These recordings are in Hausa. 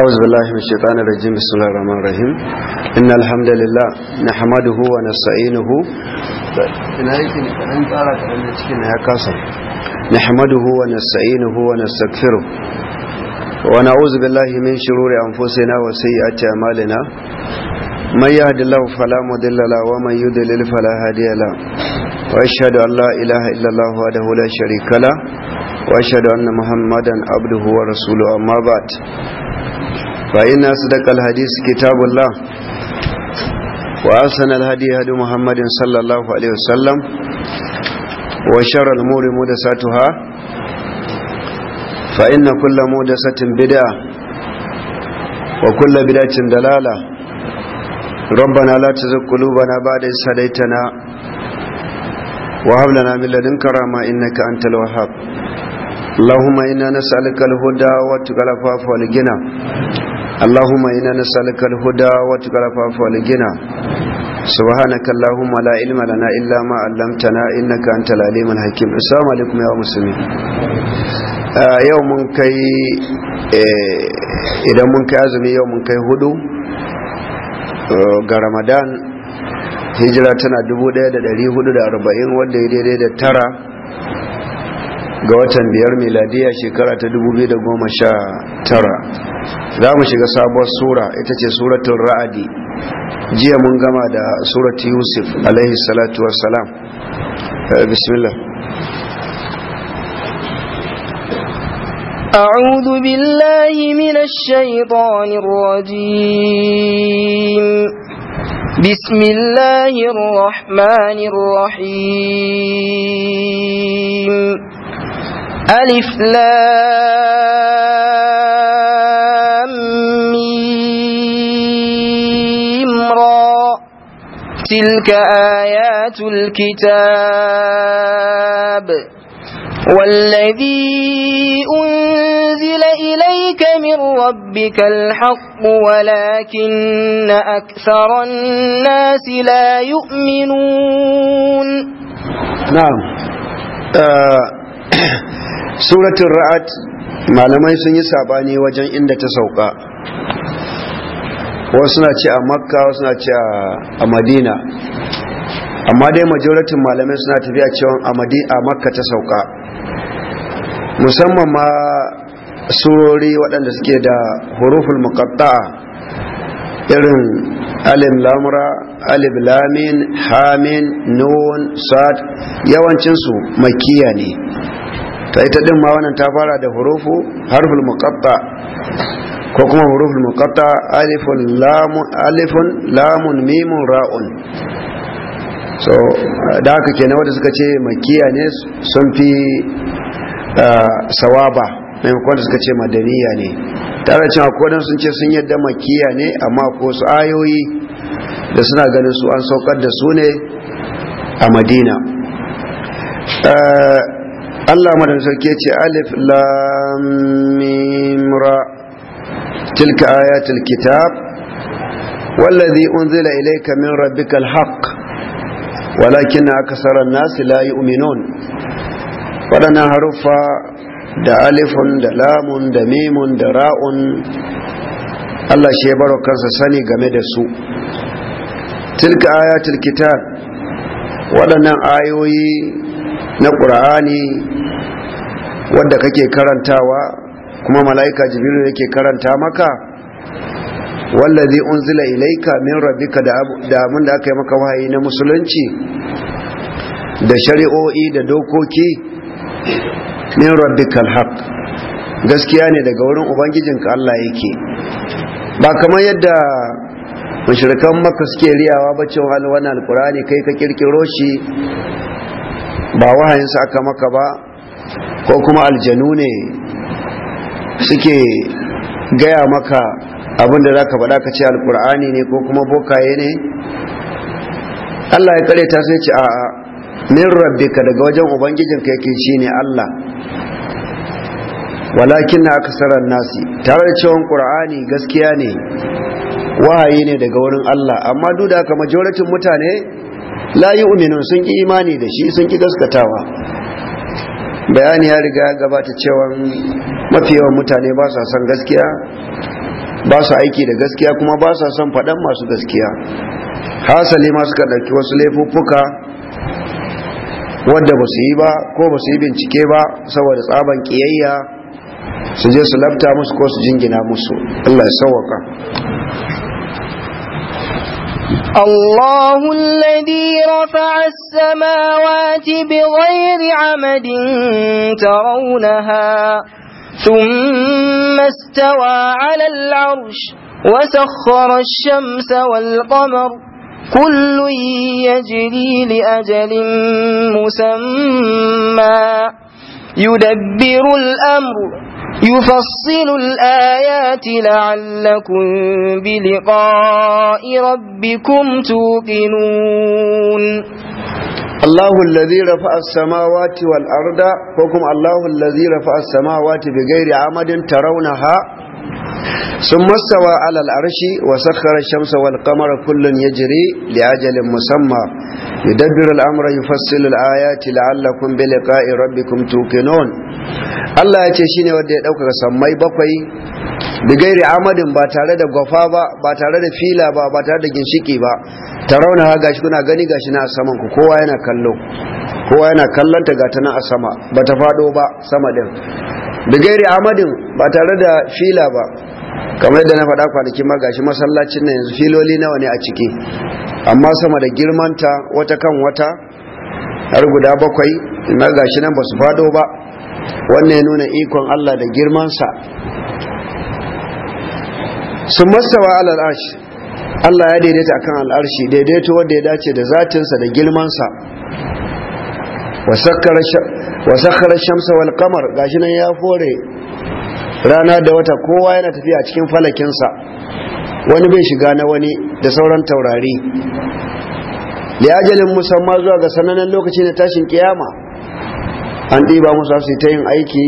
أعوذ بالله من الشيطان الرجيم بسم الله الرحمن الرحيم إن الحمد لله نحمده ونستعينه نحمده ونستعينه ونستغفره ونعوذ بالله من شرور أنفسنا وسيئات أعمالنا من يهد الله فلا مضل له ومن يضلل فلا هادي له واشهد ان لا اله الا الله وحده لا شريك له واشهد ان محمدا عبده ورسوله اما بعد فإن أصدق الحديث كتاب الله وأحسن الهدي هدي محمد صلى الله عليه وسلم وشر الأمور محدثاتها فإن كل محدثة بدعة وكل بدعة ضلالة ربنا لا تزغ قلوبنا بعد إذ هديتنا وهب لنا من لدنك رحمة إنك أنت الوهاب اللهم إنا نسألك الهدى والتقى والعفاف والغنى اللهم إنا نسألك الهدى وتكرفاف والجنى سبحانك اللهم لا علم لنا إلا ما علمتنا إنك أنت العليم الحكيم السلام عليكم يا مسلمين يوم كي إذا من كي أزمي يوم كي هدو kai hudu ga ramadan hijira tana 1440 wanda ya daidai da tara ga watan biyar miladiya shekara ta 2019 za mu shiga sabuwar sura ita ce suratun ra'adi jiya mun gama da suratun yusuf alaihi salatu wassalam eh, bismillah أعوذ بالله من الشيطان الرجيم بسم الله الرحمن الرحيم ألف لام ميم را تلك آيات الكتاب والذي أنزل إليك من ربك الحق ولكن أكثر الناس لا يؤمنون نعم آه، suratun ra'ad malamai sun yi sabani wajen inda ta sauka wasu na ce a makka wasu na ce a madina amma dai majoratin malamai suna tafiya cewa a makka ta sauka musamman ma surori waɗanda suke da huruful makatta irin alif lamura alif lamin hamin nun sad yawancinsu makiya ne ta ita din ma wannan ta fara da hurufu harful muqatta ko kuma huruful muqatta alifun lamun alifun lamun mimun ra'un so da haka kenan wanda suka ce makiya ne sun fi uh, sawaba maimakon suka ce madaniya ne tare cewa kodan sun ce sun yadda makiya ne amma ko su ayoyi da suna ganin su an saukar da su ne a madina uh, Allah madan ce alif lam tilka ayatul kitab wallazi unzila ilayka min rabbikal haqq walakin akthara an-nas la yu'minun wadannan harufa da alifun da lamun da mimun da ra'un Allah shi ya baro sani game da su tilka ayatul kitab waɗannan ayoyi na ƙur'ani wadda kake karantawa kuma mala'ika jibiru yake karanta maka zai unzila ilaika min rabika da abin da aka yi maka wahayi na musulunci da shari'o'i da dokoki min rabika haq gaskiya ne daga wurin ubangijin ka Allah yake ba kamar yadda mashirkan maka suke riyawa ba cewa wani alkurani kai ka kirkiro shi ba wahayin sa aka maka ba ko kuma aljanu ne suke gaya maka abinda za ka bada ka ce alkur'ani ne ko kuma bokaye ne Allah ya kare ta sai ce a min rabbika daga wajen ubangijinka yake ne Allah walakin na aksaran nasi tare da cewon ƙura'ani gaskiya ne wahayi ne daga wurin Allah amma duk da haka mutane layi uminin sun ki imani da shi sun ki gaskatawa bayani ya riga gabata cewa mafi yawan mutane ba su san gaskiya ba su aiki da gaskiya kuma ba su son faɗan masu gaskiya hasali ma suka ɗauki wasu laifuffuka wadda ba su yi ba ko ba su yi bincike ba saboda tsaban kiyayya su je su lafta musu ko su jingina musu allah ya sauwaka الله الذي رفع السماوات بغير عمد ترونها ثم استوى على العرش وسخر الشمس والقمر كل يجري لأجل مسمى يدبر الأمر يفصل الآيات لعلكم بلقاء ربكم توقنون الله الذي رفع السماوات والأرض وكم الله الذي رفع السماوات بغير عمد ترونها ثم استوى على العرش وسخر الشمس والقمر كل يجري لأجل مسمى يدبر الأمر يفصل الآيات لعلكم بلقاء ربكم توقنون الله يتشيني ودي أوكا سمي بقي بغير عمد باتارة غفابة باتارة ba. باتارة ba با ترونها غاشكونا غني غاشنا أسمان كوا saman كلو kowa yana kallon ta gata nan a sama ba ta fado ba sama din da gairi amadin ba tare da fila ba kamar da na faɗa kwanaki ma gashi masallacin na yanzu filoli nawa ne a ciki amma sama da girmanta wata kan wata har guda bakwai na gashi nan ba su faɗo ba wannan ya nuna ikon Allah da girmansa Su masawa alal Allah ya daidaita akan al'arshi daidaito wanda ya dace da zatinsa da girmansa wasakkar shamsa wal kamar gashi nan ya fore rana da wata kowa yana tafiya cikin cikin falakinsa wani bai shiga na wani da sauran taurari liyajalin musamman zuwa ga sanannen lokaci na tashin kiyama an ɗiba musu su ta yin aiki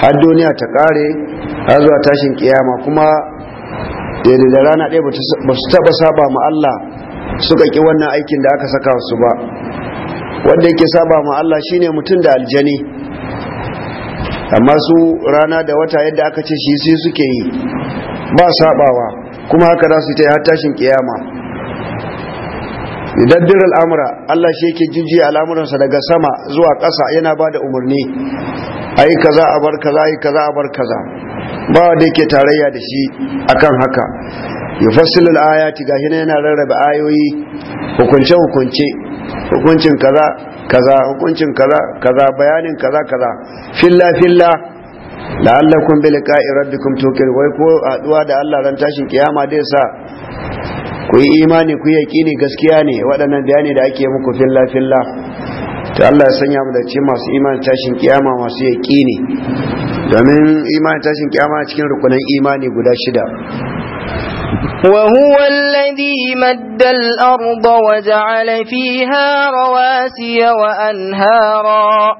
har duniya ta ƙare har zuwa tashin kiyama kuma da rana ɗaya ba su taɓa saba ma Allah suka ƙi wannan aikin da aka saka su ba wanda yake saba ma Allah shine mutum da aljani amma su rana da wata yadda aka ce shi sai suke yi ba sabawa kuma haka za su yi ta yi har tashin kiyama daddar al'amura Allah shi yake jinji al'amuransa daga sama zuwa ƙasa yana ba da umarni a yi kaza a bar kaza a yi kaza a bar kaza ba wanda yake tarayya da shi akan haka ya fassilul ayati gashi hina yana rarraba ayoyi hukunce hukunce hukuncin kaza kaza hukuncin kaza kaza bayanin kaza kaza filla filla la'allakum bi qa'i rabbikum tuqir wai ko aduwa da Allah ran tashin kiyama dai sa ku yi imani ku yaqini gaskiya ne waɗannan bayani da ake muku filla filla to Allah ya sanya mu da cikin masu imani tashin kiyama masu yaqini domin imani tashin kiyama cikin rukunan imani guda shida وهو الذي مد الأرض وجعل فيها رواسي وأنهارا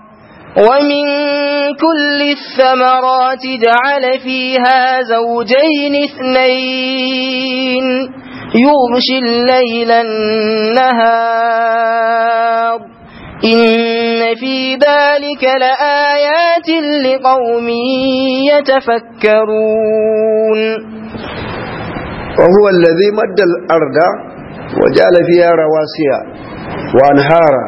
ومن كل الثمرات جعل فيها زوجين اثنين يغشي الليل النهار إن في ذلك لآيات لقوم يتفكرون fa huwa allazi madda al-arda wa ja'ala fiha rawasiya wa anhara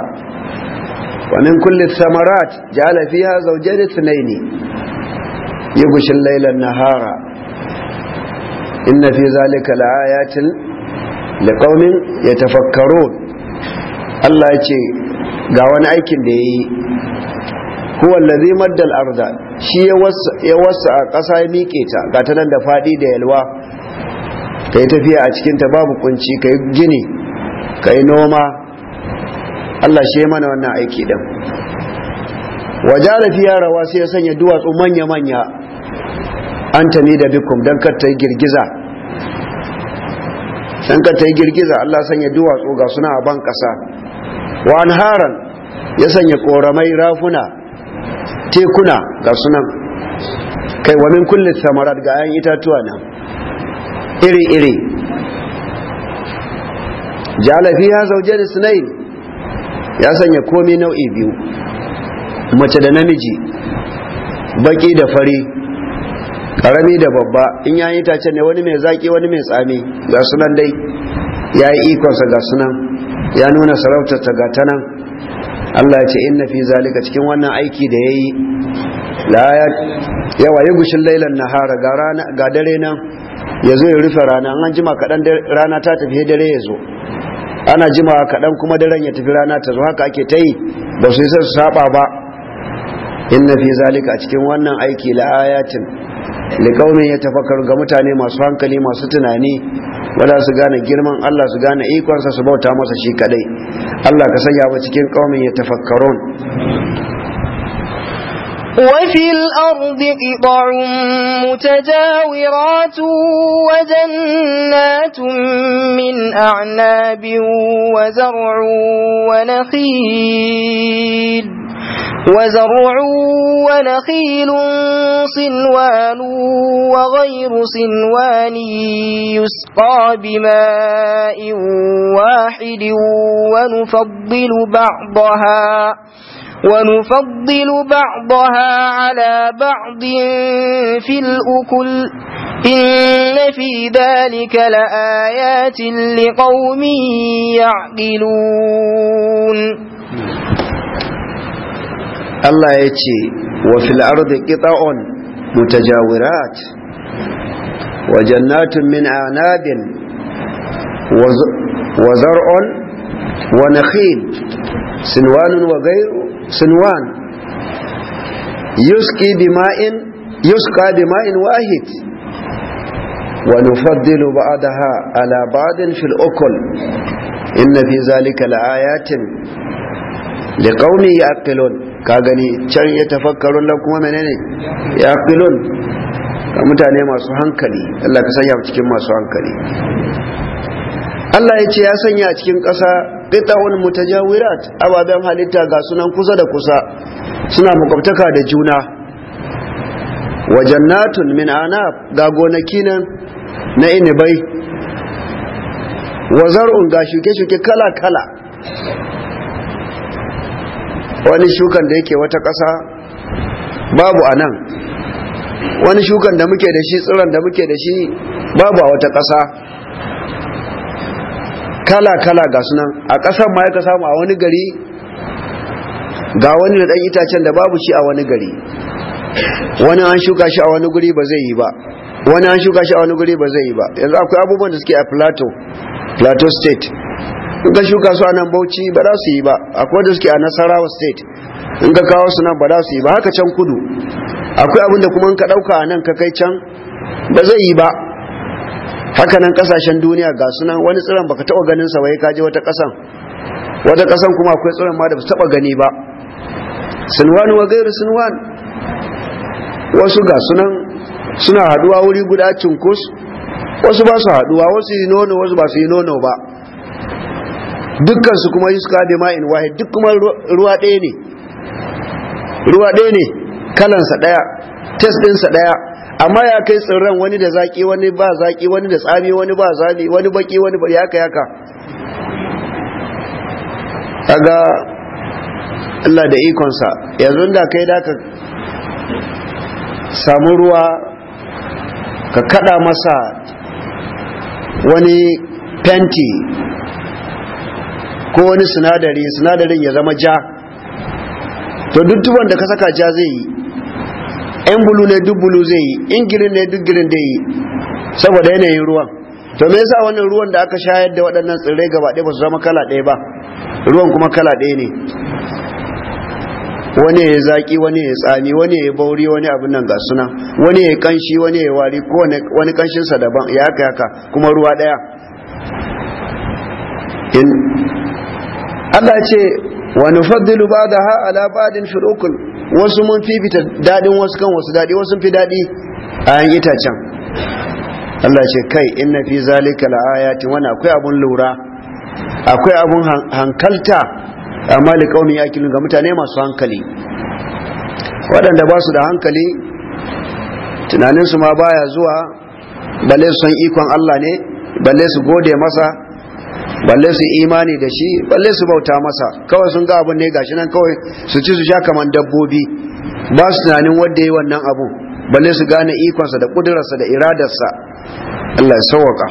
wa min kulli thamarat ja'ala fiha zawjayn ithnayn yughshi al-layla an-nahara inna fi dhalika la'ayatin liqaumin yatafakkarun Allah ya ce ga wani aikin da yayi huwa allazi arda shi ya a ƙasa miƙe ta ga ta nan da faɗi da yalwa ka yi tafiya a ta babu kunci ka yi gini ka yi noma allah shi mana wannan aiki ɗin waje fiya rawa sai ya sanya duwatsu manya-manya an ta ni da bikum don kar ta yi girgiza don kar ta yi girgiza allah sanya duwatsu ga suna a ban kasa wa an haran ya sanya koramai rafuna tekuna ga sunan kai wa kullum samarar ga 'yan itatuwa nan iri-iri jalafi ya zauje da sinai ya sanya komi nau'i biyu mace da namiji baki da fari karami da babba in ya yi tace ne wani mai zaki wani mai tsami ga sunan dai ya yi ikonsa ga sunan ya nuna sarautarta ga ta nan allah ya ce inna fi zalika cikin wannan aiki da ya yi yawa yi gushin lailan nahara ga dare nan ya zo ya rufe rana an jima kaɗan rana ta tafi dare ya zo ana jima kaɗan kuma daren ya tafi rana ta zo haka ake ta yi ba su yi sai su saba ba inna fi zalika a cikin wannan aiki la ayatin ya yatafakkaru ga mutane masu hankali masu tunani wala su gane girman Allah su gane ikonsa su bauta masa shi kadai Allah ka sanya ba cikin qaumin yatafakkarun وفي الأرض قطع متجاورات وجنات من أعناب وزرع ونخيل وزرع ونخيل صنوان وغير صنوان يسقى بماء واحد ونفضل بعضها ونفضل بعضها على بعض في الأكل إن في ذلك لآيات لقوم يعقلون الله يتي وفي الأرض قطع متجاورات وجنات من أعناب وزرع ونخيل سنوان وغيره sinwan yuski bima'in yuska bima'in wahid wa nufaddilu ba'daha ala ba'din fil ukul inna fi zalika la'ayatin liqaumin yaqilun ka gani can ya tafakkarun nan kuma menene yaqilun mutane masu hankali Allah ka sanya mu cikin masu hankali Allah ya ce ya sanya a cikin ƙasa ƙita'un mutajawirat ababen halitta ga sunan kusa da kusa suna makwabtaka da juna Wajen jannatun min anab ga gonaki nan na inibai wa zar'un ga shuke-shuke kala-kala wani shukan da yake wata ƙasa babu a nan wani shukan da muke da shi tsiron da muke da shi babu a wata ƙasa kala-kala ga sunan a ƙasar ma ya samu a wani gari ga wani da ɗan itacen da babu shi a wani gari wani an shuka shi a wani guri ba zai yi ba wani an shuka shi a wani guri ba zai yi ba yanzu akwai abubuwan da suke a plateau plateau state in ka shuka su a nan bauchi ba za su yi ba akwai da suke a nasarawa state in ka kawo su nan ba za su yi ba haka can kudu akwai abin da kuma in ka ɗauka a nan ka kai can ba zai yi ba hakanan kasashen duniya ga sunan wani tsiron baka taba ganin sa wai kaje wata kasan wata kasan kuma akwai tsiron ma da ba taba gani ba sunwan wa gairu sunwan wasu ga sunan suna haduwa wuri guda cunkus wasu ba su haduwa wasu yi nono wasu ba su yi nono ba dukkan su kuma yuska ma in wahid duk kuma ruwa ɗaya ne ruwa ɗaya ne kalansa ɗaya test ɗinsa ɗaya amma ya kai tsirran wani da zaki wani ba zaki wani da tsami wani ba tsami wani baki wani ba yaka yaka ga. Allah da ikonsa yanzu da kai da ka samu ruwa ka kada masa wani fenti ko wani sinadari sinadarin ya zama ja to duk tuban da ka saka ja zai yi in bulu ne duk bulu zai yi in girin ne duk girin zai yi saboda yanayin ruwan to me yasa wannan ruwan da aka shayar da waɗannan tsirrai gaba ɗaya ba su zama kala ɗaya ba ruwan kuma kala ɗaya ne wani ya zaki wani ya tsami wani ya bauri wani abin nan ga suna wani ya kanshi wani ya wari ko wani sa daban ya haka haka kuma ruwa in Allah ce wa nufaddilu ba'daha ala ba'din fil wasu mun fifita daɗin wasu kan wasu daɗi wasu fi daɗi a yan itacen Allah ce kai inna fi zalika la'ayati wani akwai abun lura akwai abun hankalta amma li qaumi yaqilun ga mutane masu hankali waɗanda ba su da hankali tunaninsu ma baya zuwa balle su san ikon Allah ne balle su gode masa balle su imani da shi balle su bauta masa kawai sun ga abun ne gashi nan kawai su ci su sha kaman dabbobi ba su tunanin wanda yi wannan abu balle su gane ikonsa da kudurarsa da iradarsa Allah ya sauwaka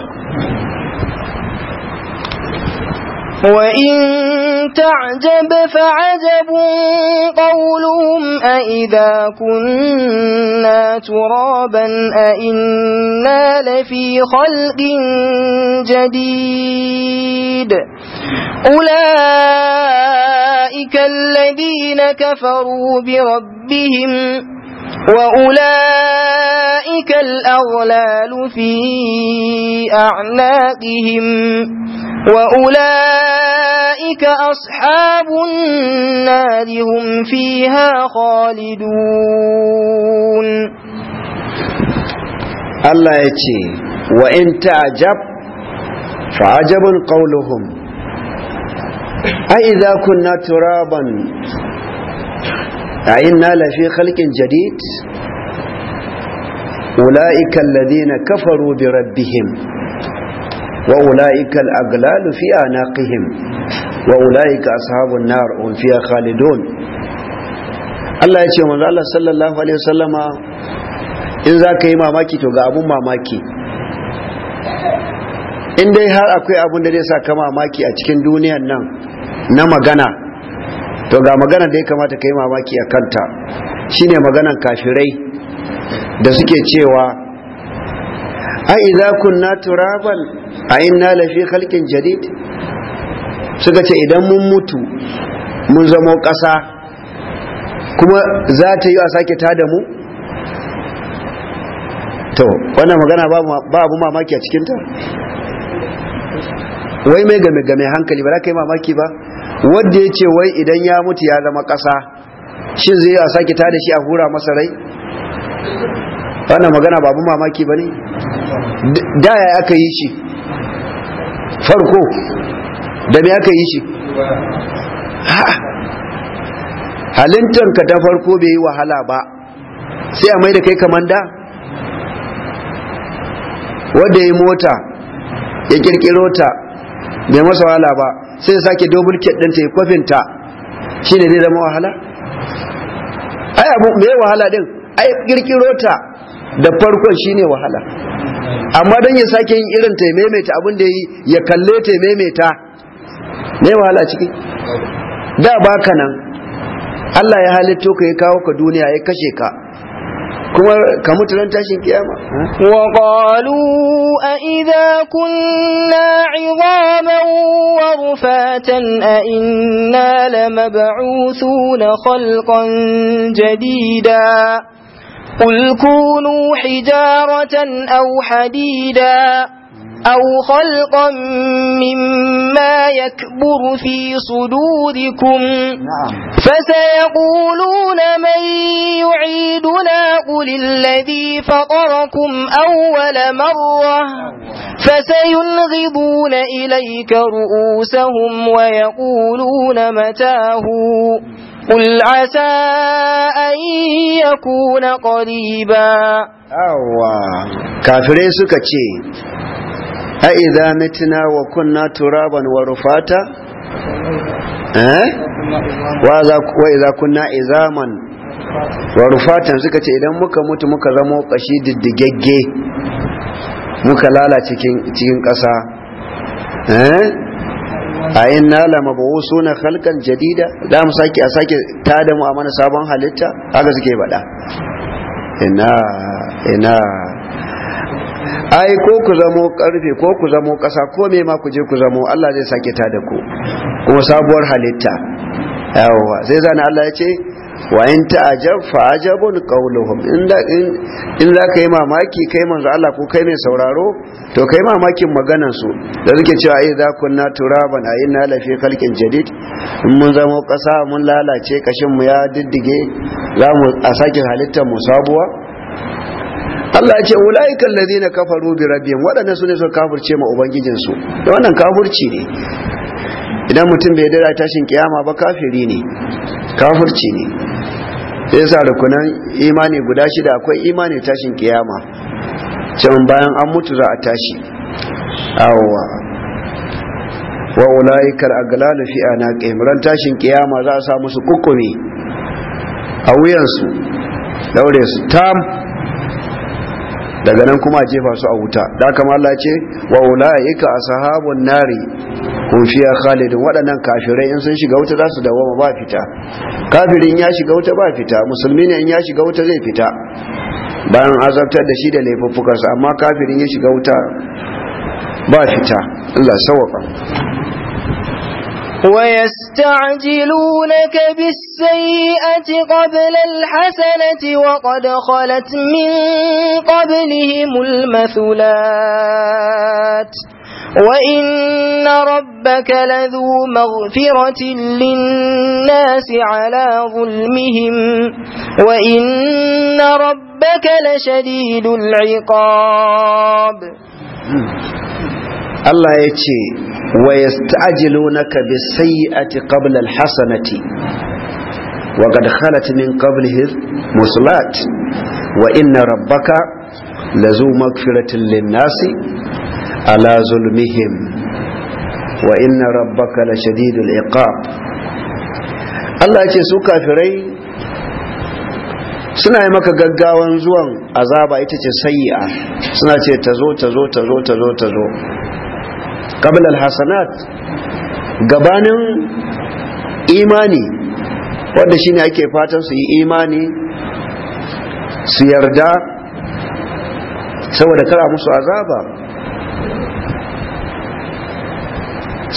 وإن تعجب فعجب قولهم أئذا كنا ترابا أئنا لفي خلق جديد أولئك الذين كفروا بربهم وأولئك الأغلال في أعناقهم وأولئك أصحاب النار هم فيها خالدون الله يتي وإن تعجب فعجب قولهم أئذا كنا ترابا أئنا لفي خلق جديد أولئك الذين كفروا بربهم وأولئك الأغلال في أعناقهم وأولئك أصحاب النار هم فيها Khalidun. Allah ya ce manzo Allah sallallahu alaihi wasallama in za ka yi mamaki to ga abun mamaki in dai har akwai abun da zai sa ka mamaki a cikin duniyan nan na magana to ga magana da ya kamata ka yi mamaki a kanta shine maganan kafirai da suke cewa Aiza kunna turaban a inna lafi halkin jadid suka ce idan mun mutu mun zama ƙasa kuma za ta yi a sake ta da mu to wannan magana ba abu mamaki a cikinta wai mai game game hankali ba za ka yi mamaki ba wadda ya ce wai idan ya mutu ya zama ƙasa shi zai yi a sake ta da shi a hura masarai? wannan magana ba abu mamaki ba ne da ya aka yi shi farko da me aka yi shi halittanka ta farko bai yi wahala ba sai a mai da kai kamanda wadda ya mota ya kirkiro ta bai masa wahala ba sai ya sake dobul kit ya kwafinta shi ne zai zama wahala? ai abu mai wahala din ai kirkiro ta da farkon shi ne wahala amma don ya sake yin irin ta maimaita abin da yi ya kalle ta maimaita ne wahala ciki da baka nan Allah ya halitto ka ya kawo ka duniya ya kashe ka kuma ka mutu ran tashin kiyama wa qalu a idza kunna 'idhaman wa rufatan a inna lamab'uthuna khalqan jadida قل كونوا حجارة أو حديدا أو خلقا مما يكبر في صدوركم نعم. فسيقولون من يعيدنا قل الذي فطركم أول مرة فسينغضون إليك رؤوسهم ويقولون متاهوا قل عسى أن يكون قريبا أوا كافرين سكتشي أئذا متنا وكنا ترابا ورفاتا أه؟ وإذا كنا إذاما ورفاتا سكتشي إذا مكا موت مكا زمو قشيد الدجاجي muka lalace cikin ƙasa eh a inna la mab'usuna khalqan jadida da mu sake a sake ta da mu a mana sabon halitta haka suke bada ina ina ai ko ku zamo karfe ko ku zamo kasa ko me ma ku je ku zamo Allah zai sake ta da ku kuma sabuwar halitta yawa sai zana Allah ya ce wa in ta'ajab fa ajabun qawluhum inda in za ka yi mamaki kai manzo Allah ko kai mai sauraro to kai mamakin maganar su da suke cewa ai za na turaban a na lafi fi khalqin jadid in mun zama kasa mun lalace kashin mu ya diddige za mu a sake halittar mu sabuwa Allah ya ce ulaika alladhina kafaru bi rabbihim wadanda sune su kafirce ma ubangijin su da wannan kafirci ne idan mutum bai dada tashin kiyama ba kafiri ne kafirci ne sai sa rukunan imani guda shida akwai imani tashin kiyama can bayan an mutu za a tashi awwa wa a aglalu fi anaqihim ran tashin kiyama za a sa musu ƙuƙumi a wuyansu daure su tam daga nan kuma jefa su a wuta da kama Allah ce wa ula'ika ashabun nari kun fiya khalidun waɗannan kafirai in sun shiga wuta za su dawoma ba fita kafirin ya shiga wuta ba fita musulmi ne in ya shiga wuta zai fita bayan azabtar da shi da laifuffukarsa amma kafirin ya shiga wuta ba fita Allah sawaka ويستعجلونك بالسيئة قبل الحسنة وقد خلت من قبلهم المثلات وإن ربك لذو مغفرة للناس على ظلمهم وإن ربك لشديد العقاب الله يتي ويستعجلونك بالسيئة قبل الحسنة وقد خلت من قبله المصلات وإن ربك لذو مغفرة للناس على ظلمهم وإن la لشديد العقاب Allah ce su kafirai suna yi maka gaggawan zuwan azaba ita ce sayi'a suna ce ta zo ta zo ta zo ta gabanin imani wadda shi ne ake fatan su yi imani su yarda saboda kara musu azaba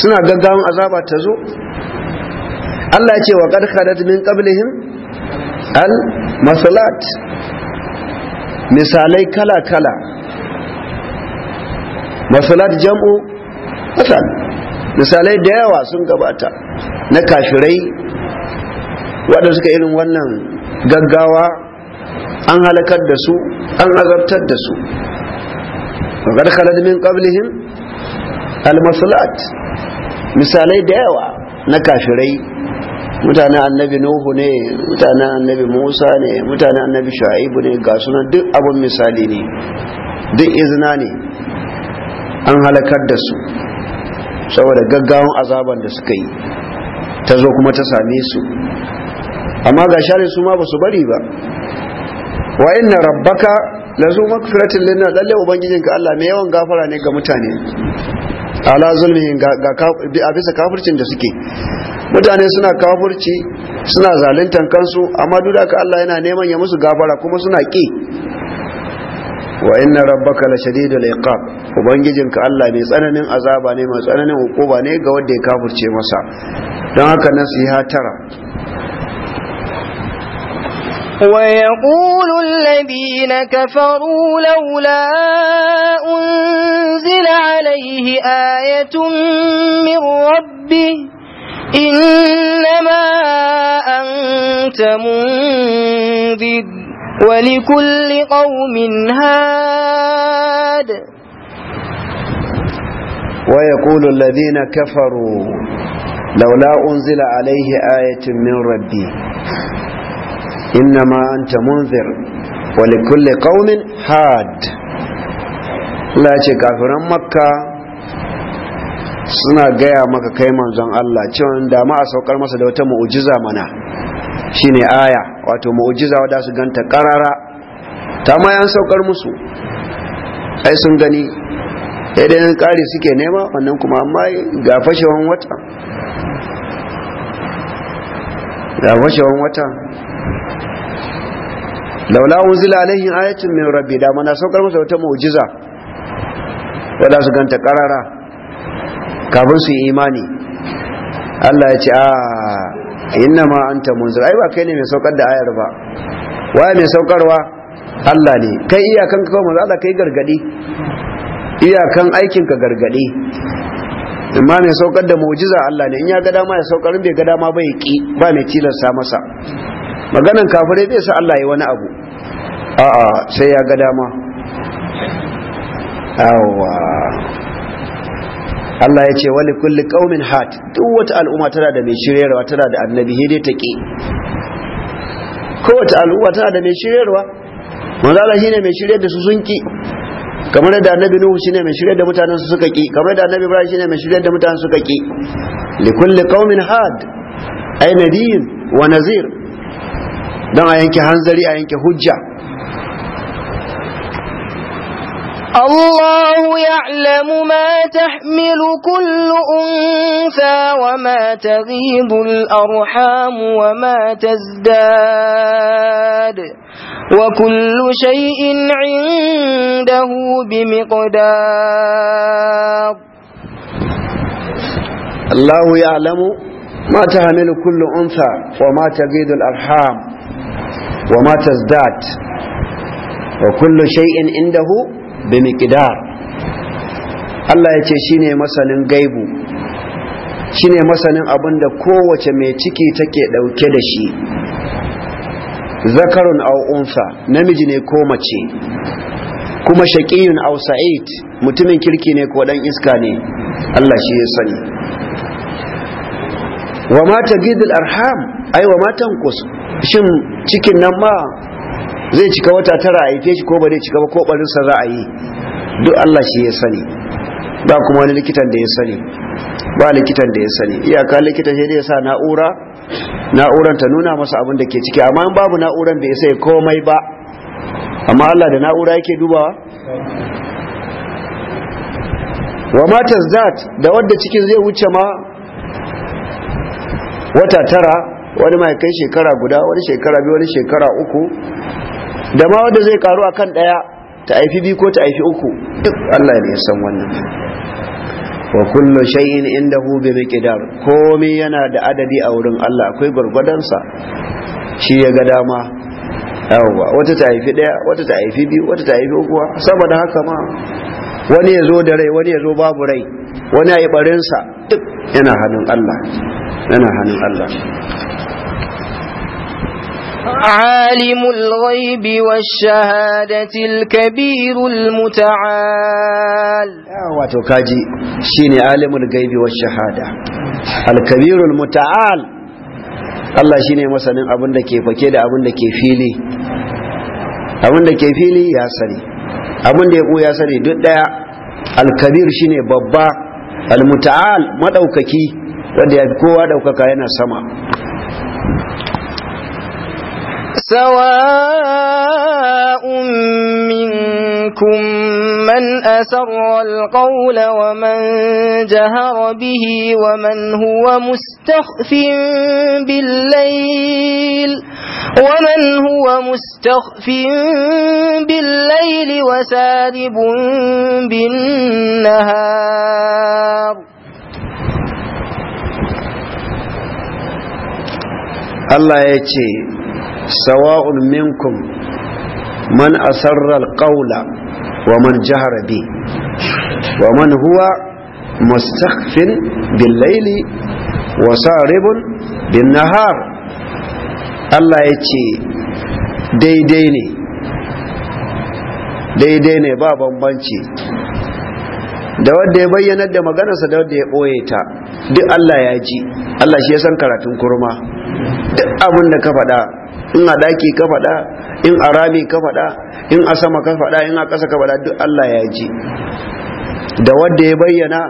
suna gaggawan azaba ta zo Allah ce wa qad khalat min qablihim al masalat misalai kala kala masalat jam'u masal misalai da yawa sun gabata na kafirai waɗanda suka irin wannan gaggawa an halakar da su an azabtar da su wa qad khalat min qablihim al masalat misalai da yawa na kafirai mutanen annabi nuhu ne mutanen annabi musa ne mutanen annabi sha'ibu ne ga suna duk abin misali ne duk izina ne an halakar da su saboda gaggawan azaban da suka yi ta zo kuma ta same su amma ga shari su ma ba su bari ba wa inna rabbaka lazu makfiratin lina lin lalle ubangijinka Allah mai yawan gafara ne ga mutane ala zulmihin a bisa kafurcin da suke mutane suna kafirci suna zaluntan kansu amma duk da Allah yana neman ya musu gafara kuma suna ki wa inna rabbaka la shadidul iqab ubangijinka Allah ne tsananin azaba ne mai tsananin hukuma ne ga wanda ya kafirce masa don haka nasiha tara ويقول الذين كفروا لولا أنزل عليه آية من ربه إنما أنت منذر ولكل قوم هاد ويقول الذين كفروا لولا أنزل عليه آية من ربي innama anta munzir wa likulli qaumin had Allah ce kafiran makka suna gaya maka kai manzon Allah cewa da ma a saukar masa da wata mu'jiza mana shine aya wato mu'jiza wadda su ganta karara ta ma yan saukar musu ai sun gani idan kari suke nema wannan kuma amma ga fashewan wata wata laula unzila alaihi ayatun min rabbi da mana saukar masa wata mu'jiza wanda su ganta karara kafin su yi imani Allah ya ce a inna ma anta munzir ai ba kai ne mai saukar da ayar ba waye mai saukarwa Allah ne kai iyakan ka kawai Allah kai gargadi iyakan aikin ka gargadi amma mai saukar da mu'jiza Allah ne in ya ga dama ya saukar bai ga dama bai ki ba mai tilasta masa maganan kafirai zai sa Allah ya wani abu a'a sai ya ga dama awa Allah ya ce wani kulli qaumin hat duk wata al'umma tana da mai shiryarwa tana da annabi hede ke kowace al'umma tana da mai shiryarwa manzo shi shine mai shiryar da su sun ki kamar da annabi nuhu shine mai shiryar da mutanen su suka ki kamar da annabi ibrahim shine mai shiryar da mutanen su suka ki li kulli qaumin had ay nadiyin wa nazir dan a yanke hanzari a yanke hujja الله يعلم ما تحمل كل أنثى وما تغيض الأرحام وما تزداد وكل شيء عنده بمقدار الله يعلم ما تحمل كل أنثى وما تغيض الأرحام وما تزداد وكل شيء عنده bi Allah ya ce shine masanin gaibu shine masanin abinda da kowace mai ciki take dauke da shi zakarun aw unsa namiji ne ko mace kuma shaqiyun aw sa'id mutumin kirki ne ko dan iska ne Allah shi ya sani wa mata tagidul arham ai wa matan kus shin cikin nan ma zai cika wata tara a shi ko ba zai cika ba ko barinsa za yi duk Allah shi ya sani ba kuma wani likitan da ya sani ba likitan da ya sani iyaka likitan shi ne ya sa na'ura na'uran ta nuna masa abin da ke ciki amma in babu na'uran bai sai komai ba amma Allah da na'ura yake dubawa wa matas zat da wadda cikin zai wuce ma wata tara wani ma ya kai shekara guda wani shekara biyu wani shekara uku da ma wanda zai karu akan daya ta aifi biyu ko ta aifi uku duk Allah ne ya san wannan wa kullu shay'in indahu bi miqdar komai yana da adadi a wurin Allah akwai sa shi ya ga dama yawa wata ta haifi daya wata ta haifi biyu wata ta haifi uku saboda haka ma wani ya zo da rai wani ya zo babu rai wani ya yi barinsa duk yana hannun Allah yana hannun Allah عالم الغيب والشهادة الكبير المتعال واتو كاجي شيني عالم الغيب والشهادة الكبير المتعال Allah shi ne masanin abin da ke fake da abin da ke fili abin da ke fili ya sani abin da ya ɓuya sani duk ɗaya alkabir shi ne babba almuta'al maɗaukaki wanda ya kowa ɗaukaka yana sama سواء منكم من أسر القول ومن جهر به ومن هو مستخف بالليل ومن هو مستخف بالليل وسارب بالنهار الله يجي sawa'un minkum man asarra ƙaula wa man jahara bi wa man huwa mustakhfin bin laili wa saribun bin nahar Allah ya ce daidai ne daidai ne ba bambanci da wanda ya bayyanar da maganarsa da wanda ya ɓoye ta duk Allah ya ji Allah shi ya san karatun kurma duk abin da ka faɗa in a daki ka faɗa in a rami ka faɗa in a sama ka faɗa in a ƙasa ka faɗa duk Allah ya ji da wanda ya bayyana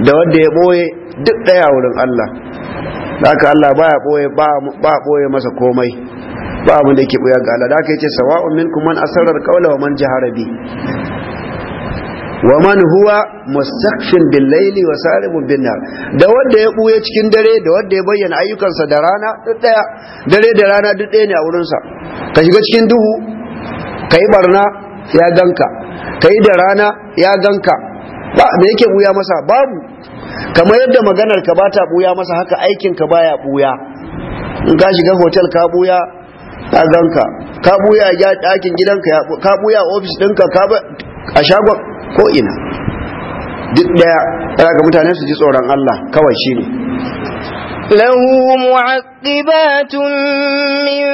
da wanda ya ɓoye duk ɗaya wurin Allah haka Allah baya ɓoye ba ɓoye masa komai ba abin da yake ga Allah da kai yace sawa'un minkum man asarrar qawla wa man jahara bi wa man huwa mustaqfin bil laili wa saribun bin nar da wanda ya buye cikin dare da wanda ya bayyana ayyukansa da rana duk daya dare da rana duk daya ne a wurin sa ka shiga cikin duhu kai barna ya ganka kai da rana ya ganka ba me yake buya masa babu kamar yadda maganar ka ba ta buya masa haka aikin ka baya buya in ka shiga hotel ka buya ka ganka ka buya a ɗakin gidanka ka buya a ofis ɗinka a shagon ko’ina duk daya ga mutane su ji tsoron Allah kawai shi ne lahum mu'aqibatun min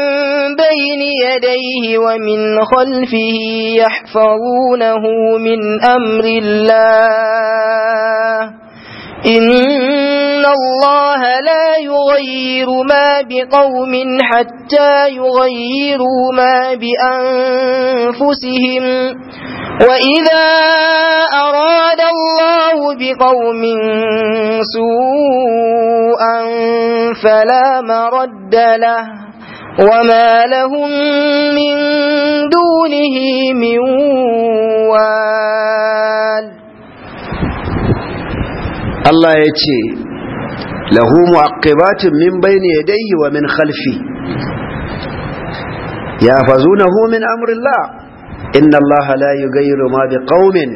bayni yadayhi wa min khalfihi yahfazunahu min amri Allah إن الله لا يغير ما بقوم حتى يغيروا ما بأنفسهم وإذا أراد الله بقوم سوءا فلا مرد له وما لهم من دونه من وال Allah ya ce lahu mu'aqqibatun min bayni yadayhi wa min khalfi yafazunahu min amrillah inna Allah la yughayyiru ma biqaumin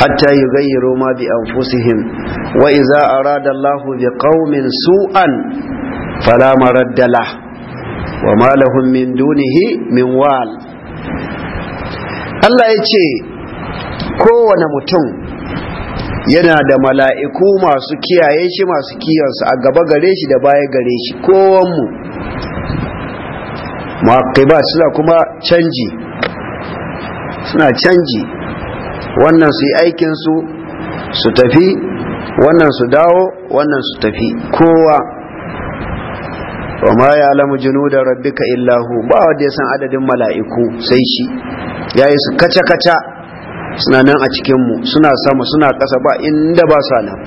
hatta yughayyiru ma bi anfusihim wa idza arada Allah biqaumin su'an fala maradda lah wa ma lahum min dunihi min wal Allah ya ce kowane mutum yana da mala'iku masu kiyaye shi masu kiyansu a gaba gare shi da baya gare shi kowanmu ba suna kuma canji suna canji wannan su yi aikinsu su tafi wannan su dawo wannan su tafi kowa wa ma ya alamu junu da ka illahu ba wanda ya san adadin mala'iku sai shi ya yi su kaca-kaca suna nan a cikinmu suna sama suna ƙasa ba inda ba sa nan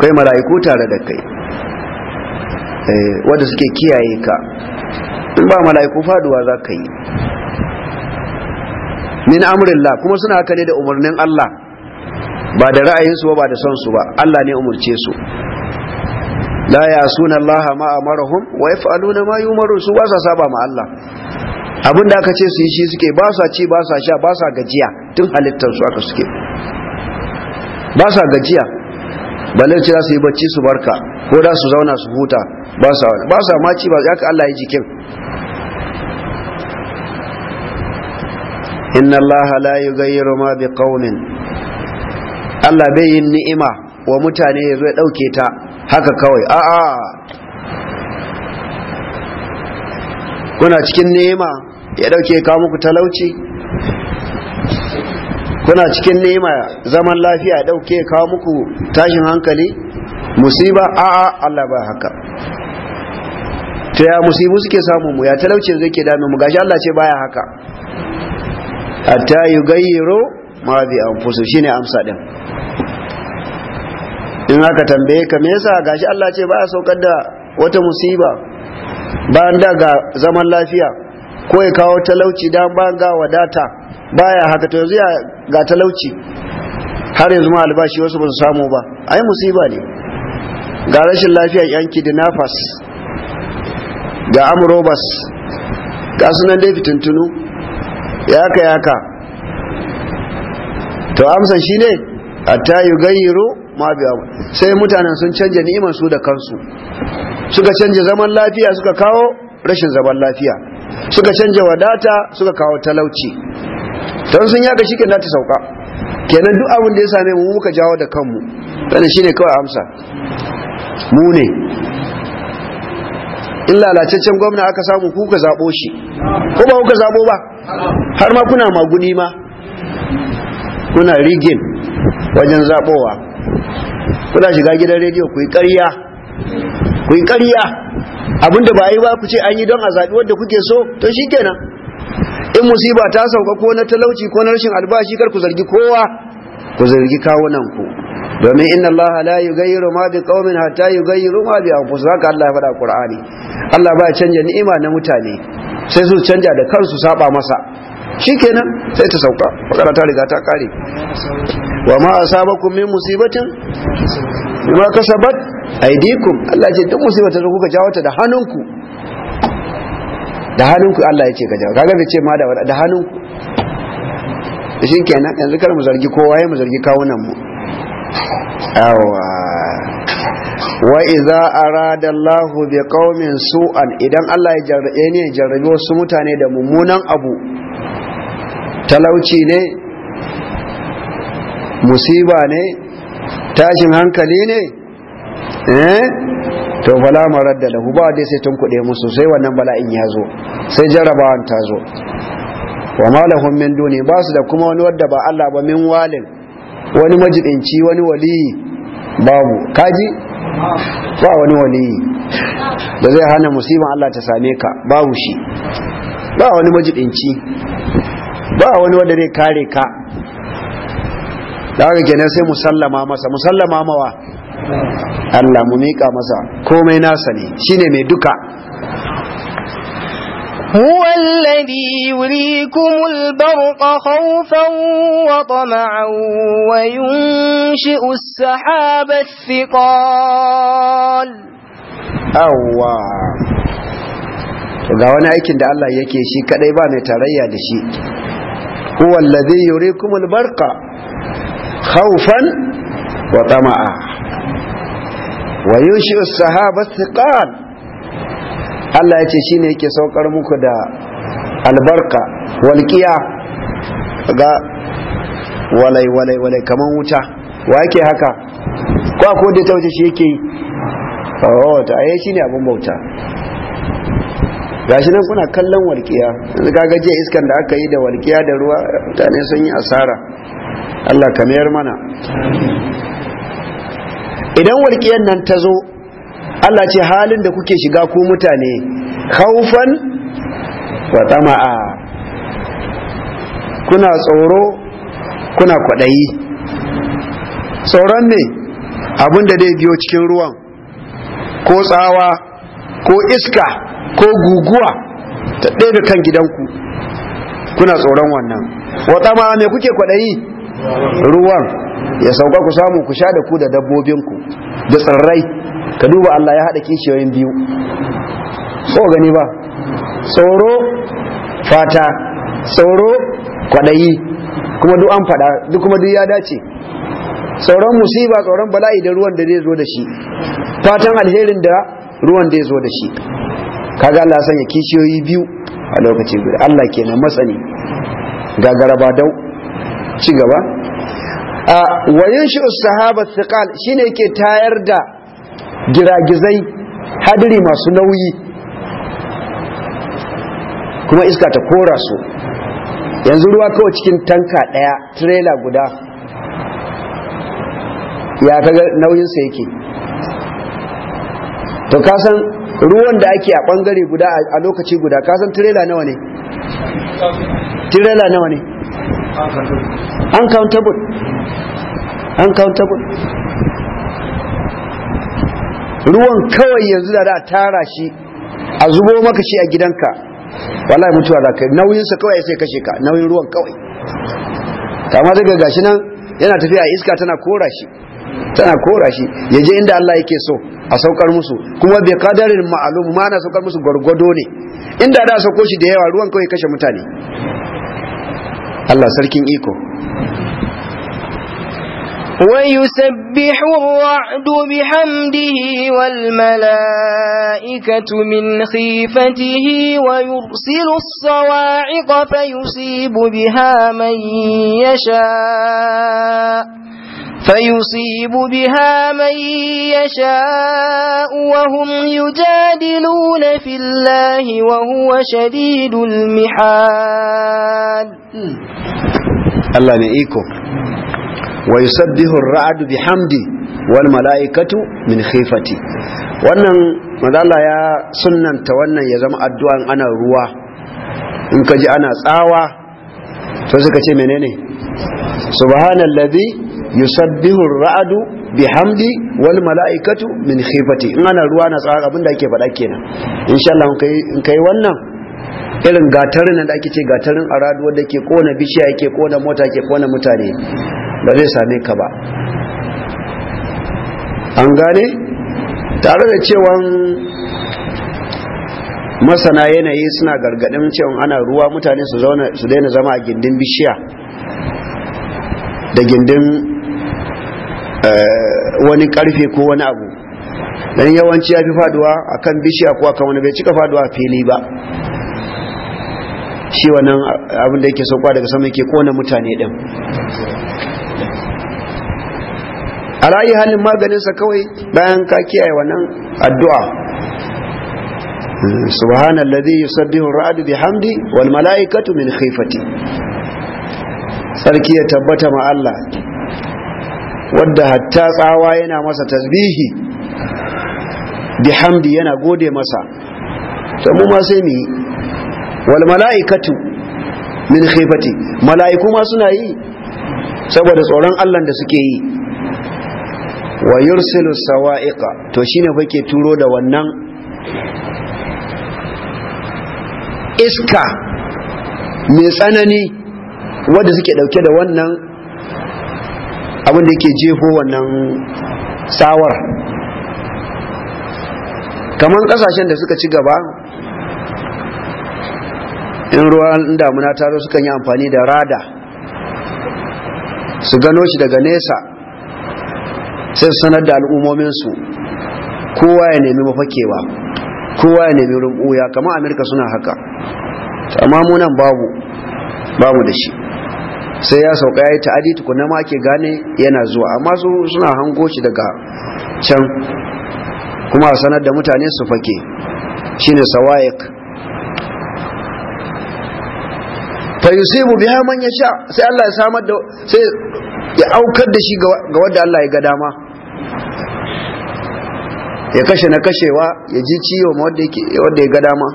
kai mala'iku tare da kai eh, wadda suke kiyaye ka in ba mala'iku faduwa za ka yi min amurillah kuma suna haka ne da umarnin Allah ba da ra'ayinsu ba ba da son su ba Allah ne umarce su la ya suna Allah ma amarahum wa yaf'aluna ma yumaru su ba sa saba ma Allah Abinda aka ce su yi shi suke ba sa ci ba sa sha ba sa gajiya tun halittar su aka suke ba sa gajiya balle ce za su yi bacci su barka ko da su zauna su huta ba sa wani ba sa maci ba ya ka Allah ya jikin inna Allah la yughayyiru ma bi biqaumin Allah bai yin ni'ima wa mutane ya zo ya dauke ta haka kawai a'a kuna cikin ni'ima ya dauke kawo muku talauci kuna cikin nema zaman lafiya ya dauke kawo muku tashin hankali musiba a'a Allah ba haka ta ya musibu suke samu mu ya talauci zai ke dame mu gashi Allah ce baya haka hatta yugayyiro ma bi anfusu shine amsa din in aka tambaye ka me yasa gashi Allah ce baya saukar da wata musiba bayan da ga zaman lafiya ko ya kawo talauci da ba ga wadata baya haka to yanzu ga talauci har yanzu ma albashi wasu ba su samu ba ai musiba ne ga rashin lafiyar yanki da nafas ga amurobas ga sunan dai fitintunu yaka yaka to amsan shi ne a ta ma biya sai mutanen sun canje ni'imar su da kansu suka canje zaman lafiya suka kawo rashin zaman lafiya suka canja wadata suka kawo talauci don sun yaga shi kenan ta sauka kenan duk abin da ya same mu muka jawo da kanmu wannan shine kawai amsa mu ne in lalacaccen gwamna aka samu kuka zaɓo shi ko ba kuka zaɓo ba har ma kuna maguni ma kuna rigin wajen zaɓowa kuna shiga gidan rediyo ku yi ƙarya ku yi ƙarya abinda ba yi ba ku ce an yi don a zaɓi wanda kuke so to shi kenan in musiba ta sauka ko na talauci ko na rashin albashi kar ku zargi kowa ku zargi kawunan ku domin inna Allah la yughayyiru ma bi qaumin hatta yughayyiru ma bi anfusihim haka Allah ya faɗa Qur'ani Allah ba canja ni'ima na mutane sai su canja da kansu saba masa shikenan sai ta sauka magana ta riga ta kare wa ma asabakum min musibatin bima kasabat aidikum Allah ce duk musibar ta kuka jawo ta da hannunku da hannunku Allah ya ce ka jawo kaga bai ce ma da da hannunku Shin kenan yanzu kar mu zargi kowa ya mu zargi kawunan mu yawa wa idza arada Allah bi qaumin su'an idan Allah ya jarrabe ne ya jarrabe wasu mutane da mummunan abu talauci ne musiba ne tashin hankali ne Eh? To bala marar da lahu ba dai sai tun kuɗe musu sai wannan bala'in ya zo sai jarabawan ta zo wa malahun min duni ba su da kuma wani wadda ba Allah ba min walin wani majidinci wani wali babu kaji ba wani wali da zai hana musiban Allah ta same ka babu shi ba wani majidinci ba wani wadda zai kare ka da haka kenan sai musallama masa musallama mawa Allah mu miƙa masa komai nasa ne shine mai duka هو الذي يريكم البرق خوفا وطمعا وينشئ السحاب الثقال أوا ga wani aikin da Allah yake shi kadai ba mai tarayya da shi huwa alladhi yurikumul barqa khawfan wa tama'a wa yushi sahaba thiqal Allah ya shine yake saukar muku da albarka walqiya ga walai walai walai kaman wuta wa yake haka ko ko da ta wuce shi yake oh ta ayi shine abin bauta gashi nan kuna kallon walƙiya yanzu ga gaje iskan da aka yi da walƙiya da ruwa mutane sun yi asara Allah ka mayar mana idan walƙiyar nan ta zo Allah ce halin da kuke shiga ku mutane haufan wa tama'a kuna tsoro kuna kwaɗayi tsoron ne abinda da dai biyo cikin ruwan ko tsawa ko iska ko guguwa ta ɗaya kan gidanku kuna tsoron wannan wa tama'a me kuke kwaɗayi ruwan ya sauka ku samu ku sha da ku da dabbobinku da tsirrai ka duba Allah ya haɗa kishiyoyin biyu so gani ba tsoro fata tsoro kwaɗayi kuma duk an faɗa duk kuma duk ya dace tsoron musiba tsoron bala'i da ruwan da zai zo da shi fatan alherin da ruwan da zai zo da shi kaga Allah sanya kishiyoyi biyu a lokaci guda Allah kenan matsani ga garaba dau ci gaba wa yunshi'u sahaba thiqal shine yake tayar da giragizai hadiri masu nauyi kuma iska ta kora su yanzu ruwa kawai cikin tanka daya trela guda ya kaga nauyinsa yake to kasan ruwan da ake a bangare guda a lokaci guda kasan trela nawa ne trela nawa ne uncountable uncountable ruwan kawai yanzu da da tara shi a zubo maka shi a gidanka wallahi mutuwa da kai nauyinsa kawai sai kashe ka nauyin ruwan kawai kama daga gashi nan yana tafiya a iska tana kora shi tana kora shi ya je inda Allah yake so a saukar musu kuma bai kadarin ma'alum ma na saukar musu gwargwado ne inda da sauko shi da yawa ruwan kawai kashe mutane Allah sarkin iko ويسبح الرعد بحمده والملائكة من خيفته ويرسل الصواعق فيصيب بها من يشاء فيصيب بها من يشاء وهم يجادلون في الله وهو شديد المحال الله نعيكم wa yusabbihu ar-ra'd bihamdi wal mala'ikatu wannan madalla ya sunnanta wannan ya zama addu'an ana ruwa in ka ji ana tsawa to suka ce menene subhanallazi yusabbihu ra'adu rad bihamdi wal mala'ikatu min khifati in ana ruwa na tsawa abinda ake faɗa kenan insha Allah in kai wannan irin gatarin da ake ce gatarin aradu wanda ke kona bishiya ke kona mota ke kona mutane ba zai same ka ba an gane tare da cewan masana yanayi suna gargadin cewa ana ruwa mutane su daina zama a gindin bishiya da gindin eh, wani karfe ko wani abu dan yawanci ya fi faduwa a kan bishiya ko akan wani bai cika faduwa a fili ba shi wannan abin da yake sauka daga sama ke kona mutane din a rayi halin maganinsa kawai bayan ka kiyaye wannan addu'a Subhana hmm, subhanallazi yusabbihu ar-ra'd bihamdi wal mala'ikatu min khifati sarki ya tabbata ma Allah wadda hatta tsawa yana masa tasbihi bihamdi yana gode masa to mu ma sai mu wal mala'ikatu min khifati mala'iku ma suna yi saboda tsoron Allah da suke yi wa yursilu sawa'iqa to shine fa ke turo da wannan iska mai tsanani wanda suke dauke da wannan abin da yake jefo wannan tsawar kamar kasashen da suka ci gaba in ruwan damuna taro sukan yi amfani da rada su gano shi daga nesa sai su sanar da al'ummominsu kowa ya nemi mafakewa kowa ya nemi rumbuya kama amerika suna haka amma munan babu babu da shi sai ya sauka ya yi ta'adi tukuna ma ke gane yana zuwa amma su suna hango shi daga can kuma a sanar da mutane su fake shine sawayek fa yusibu biha man yasha sai Allah ya samar da sai ya aukar da shi ga wadda Allah ya ga dama ya kashe na kashewa ya ji ciwo ma wadda ya ga dama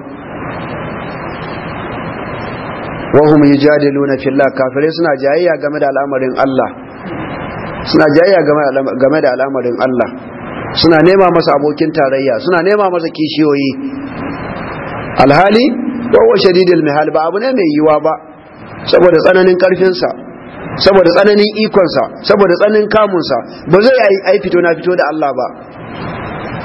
wahum luna filla kafirai suna jayayya game da al'amarin Allah suna jayayya game da al'amarin Allah suna nema masa abokin tarayya suna nema masa kishiyoyi alhali wa shadidil mihal ba abu ne mai yiwa ba saboda tsananin karfinsa saboda tsananin ikonsa saboda tsananin kamunsa ba zai ai fito na fito da Allah ba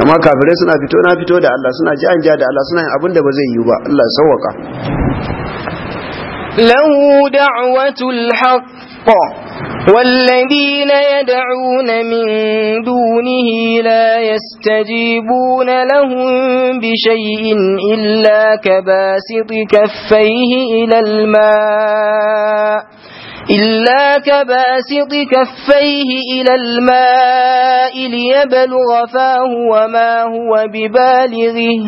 amma kafirai suna fito na fito da Allah suna ji an ja da Allah suna yin abin da ba zai yi ba Allah ya sauwaka له دعوة الحق والذين يدعون من دونه لا يستجيبون لهم بشيء إلا كباسط كفيه إلى الماء إلا كباسط كفيه إلى الماء ليبلغ فاه وما هو ببالغه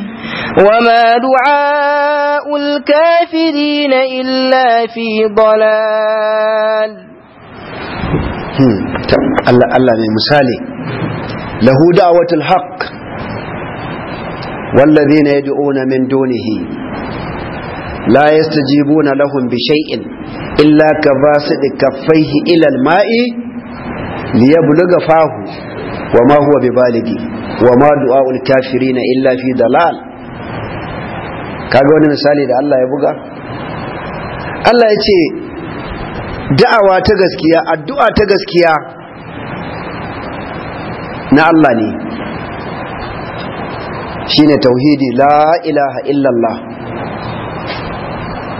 وما دعاء الكافرين إلا في ضلال الله الله له دعوة الحق والذين يدعون من دونه لا يستجيبون لهم بشيء illa ka basidi kaffaihi ila alma'i liyabluga fahu wa ma huwa bibaligi wa ma du'aul kafirina illa fi dalal kaga wani misali da Allah ya buga Allah ya ce da'awa ta gaskiya addu'a ta gaskiya na Allah ne shine tauhidi la ilaha illallah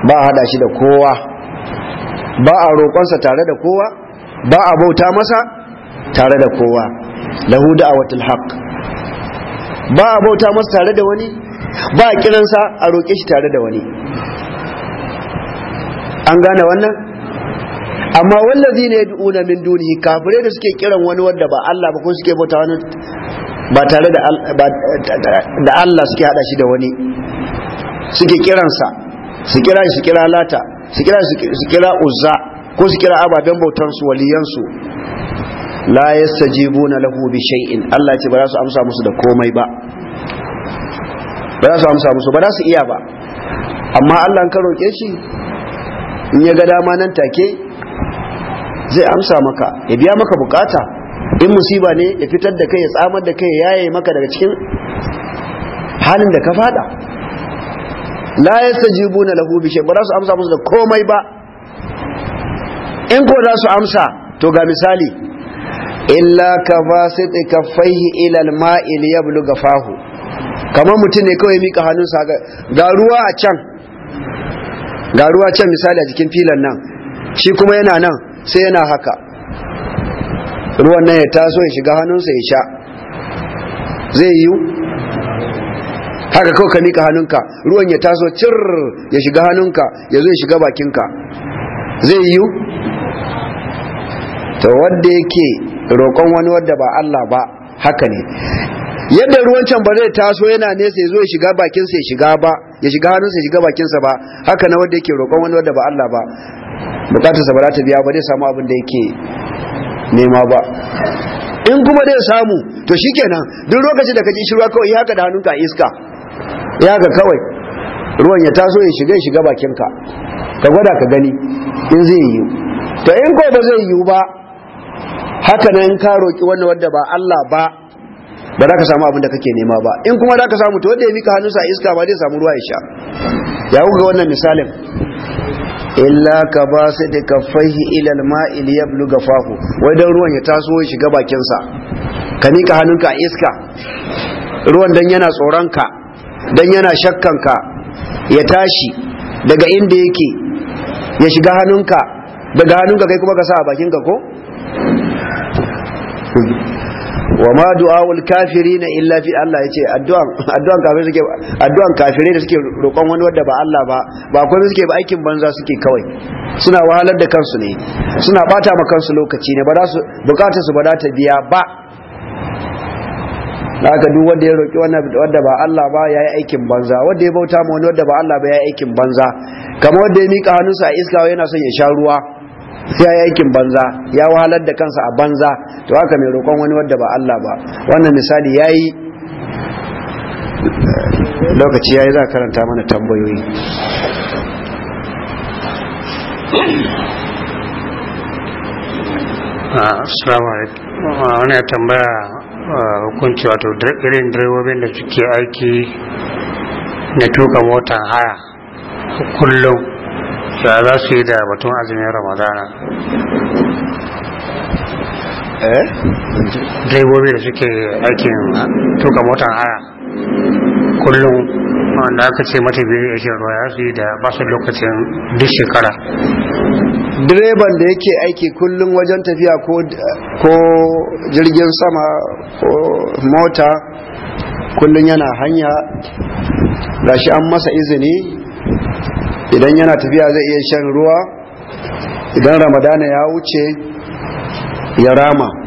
ba hada shi da kowa ba a roƙonsa tare da kowa ba a bauta masa tare da kowa lahu da'awatul haqq ba a bauta masa tare da wani ba a kiransa a roƙe shi tare da wani an gane wannan amma wallazi ne yad'una min dunihi kafirai da suke kiran wani wanda ba Allah ba ko suke bauta wani ba tare da da Allah suke hada shi da wani suke kiransa su kira shi kira lata su kira su uzza ko su kira ababen bautar su waliyan su la yastajibuna lahu bi shay'in Allah ya ce ba za su amsa musu da komai ba ba za su amsa musu ba za su iya ba amma Allah ka roke shi in ya ga dama nan take zai amsa maka ya biya maka bukata in musiba ne ya fitar da kai ya tsamar da kai ya yaye maka daga cikin halin da ka fada la na lahu bishe ba za su amsa musu da komai ba in ko za su amsa to ga misali illa ka ilal ma'il ya bulu ga fahu kamar mutum ne kawai mika hannunsa ga ruwa a can ga ruwa can misali a jikin filan nan shi kuma yana nan sai yana haka ruwan nan ya taso ya shiga hannunsa ya sha zai yiwu haka kawai ka nika hannunka ruwan ya taso cir ya shiga hannunka ya zo ya shiga bakinka zai yiwu to wadda yake roƙon wani wadda ba Allah ba haka ne yadda ruwan can ba zai taso yana nesa ya zo ya shiga bakinsa ya shiga ba ya shiga hannunsa ya shiga bakinsa ba haka na wadda yake roƙon wani wadda ba Allah ba bukatarsa ba za ta biya ba zai samu abin da yake nema ba in kuma zai samu to shikenan duk lokacin da ka ji shirwa kawai haka da hannunka iska ya ga kawai ruwan ya taso ya shiga ya shiga bakinka ka gwada ka gani in zai yiwu to in ko ba zai yiwu ba haka nan ka roki wannan wanda ba Allah ba ba za ka samu abin da kake nema ba in kuma za ka samu to wanda ya mika hannunsa a iska ba zai samu ruwa ya sha ya ga wannan misalin illa ka ba su da kafaihi ilal ma'il ya bulu ruwan ya taso ya shiga bakinsa ka mika hannunka a iska ruwan dan yana tsoronka don yana shakkanka ya tashi daga inda yake ya shiga hannunka daga hannunka kai kuma ka sa a bakinka ko? wa ma du'awul na illa fi Allah yace addu'an addu'an kafirai suke addu'an da suke roƙon wani wanda ba Allah ba ba komai suke ba aikin banza suke kawai suna wahalar da kansu ne suna bata ma kansu lokaci ne ba za su su ba za ta biya ba da aka duk wanda ya roƙi wanda ba Allah ba ya yi aikin banza wanda ya bauta ma wani wanda ba Allah ba ya yi aikin banza kamar wanda ya mika hannunsa a iska yana son ya sha ruwa sai ya yi aikin banza ya wahalar da kansa a banza to haka mai roƙon wani wanda ba Allah ba wannan misali ya yi. lokaci ya yi za karanta mana tambayoyi ah, Assalamu alaikum. Ah, wani tambaya hukunci wato irin direbobin da suke aiki na tuka motar haya kullum ya za su yi da batun azumin ramadana eh? direbobi da suke aikin tuka motar haya kullum musamman wanda aka ce mata biyu yake ruwa da ba su lokacin duk shekara direban da yake aiki kullum wajen tafiya ko jirgin sama ko mota kullum yana hanya shi an masa izini idan yana tafiya zai iya shan ruwa idan ramadana ya wuce ya rama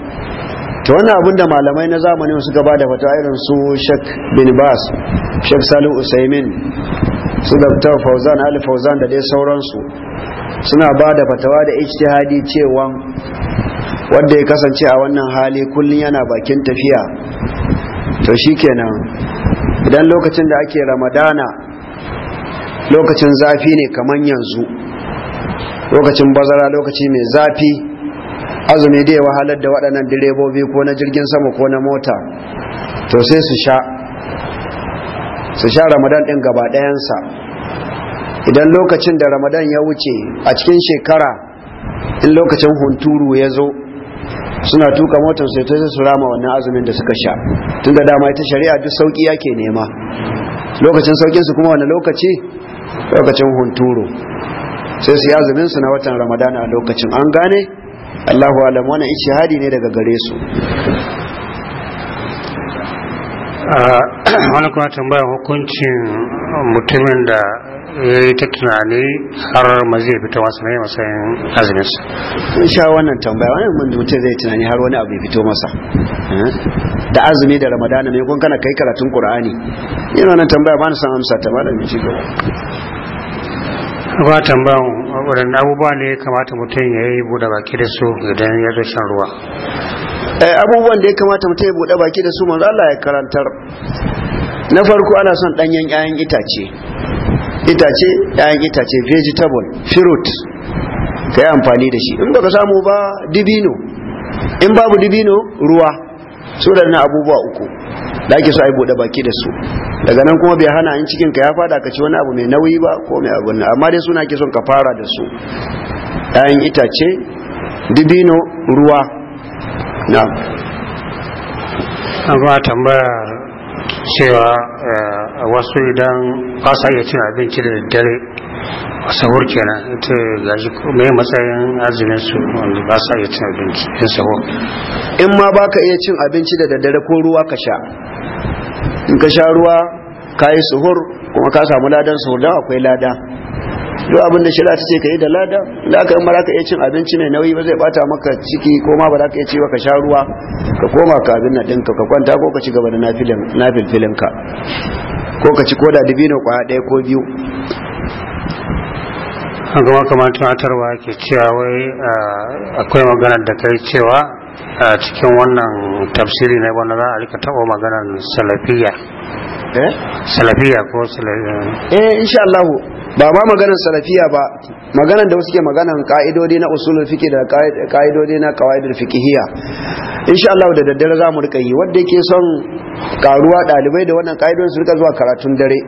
to wannan abin da malamai na zamani suka ba da fata irin su shek bin bas shek salu usaimin su dr fauzan ali fauzan da dai sauransu suna ba da fatawa da hadi cewa wanda ya kasance a wannan hali kullum yana bakin tafiya to shi kenan idan lokacin da ake ramadana lokacin zafi ne kamar yanzu lokacin bazara lokaci mai zafi azumi da ya wahalar da waɗannan direbobi ko na jirgin sama ko na mota to sai su sha su sha ramadan ɗin gaba ɗayansa idan lokacin da ramadan ya wuce a cikin shekara in lokacin hunturu ya zo suna tuka motar sai ta su rama wannan azumin da suka sha tun da dama ita shari'a duk sauƙi yake nema lokacin sauƙinsu kuma wani lokaci lokacin hunturu sai su yi azuminsu na watan ramadana a lokacin an gane Allahu alam wannan ishihadi ne daga gare su wani kuma tambaya hukuncin mutumin da ya yi ta tunani har mazi ya fito masa ne matsayin azuminsa sha wannan tambaya wani mutum zai tunani har wani abu ya fito masa eh? da azumi da ramadana ne kun kana kai karatun qur'ani yana nan tambaya ba na san amsa ta malamin shi gaba ba tambayan waɗanda abubuwa ne kamata mutum ya yi buɗe baki da su idan ya zo shan ruwa eh, abubuwan da ya kamata mutum ya buɗe baki da su manzo Allah ya karantar na farko ana son ɗanyen 'ya'yan itace itace 'ya'yan itace vegetable fruit ka yi amfani da shi in baka samu ba dibino in babu dibino ruwa su da na abubuwa uku da ake so a yi bude baki da su daga nan kuma bai hana in cikin ka ya fada ka ci wani abu mai nauyi ba ko mai abu amma dai suna ake son ka fara da su Ya'yan itace dibino ruwa na an ba tambayar cewa eh, wasu idan ba sa iya cin abinci da dare sahur kenan ita gaji mai matsayin azumin su wanda ba sa iya cin abinci in sahur in ma baka iya cin abinci da daddare ko ruwa ka sha in ka sha ruwa ka yi suhur kuma ka samu ladan suhur don akwai lada duk abin da shirya ta ce ka yi da lada da aka yi mara iya cin abinci mai nauyi ba zai bata maka ciki ko ma ba za ka iya cewa ka sha ruwa ka koma ka abin na ɗinka ka kwanta ko ka ci gaba da nafilfilinka ko ka ci ko da na kwaya ɗaya ko biyu an gama kamar tunatarwa ke cewa wai eh, akwai maganar da kai cewa a cikin wannan tafsiri na wanda za a rika taɓa maganar salafiya eh salafiya ko salafiya eh insha Allah ba ma maganar salafiya ba maganar da wasu ke maganar ka'idodi na usulul fiqi da ka'idodi na qawaidul fiqhiyya insha Allah da daddare za mu rika yi wanda yake son karuwa dalibai da wannan ka'idodin su rika zuwa karatun dare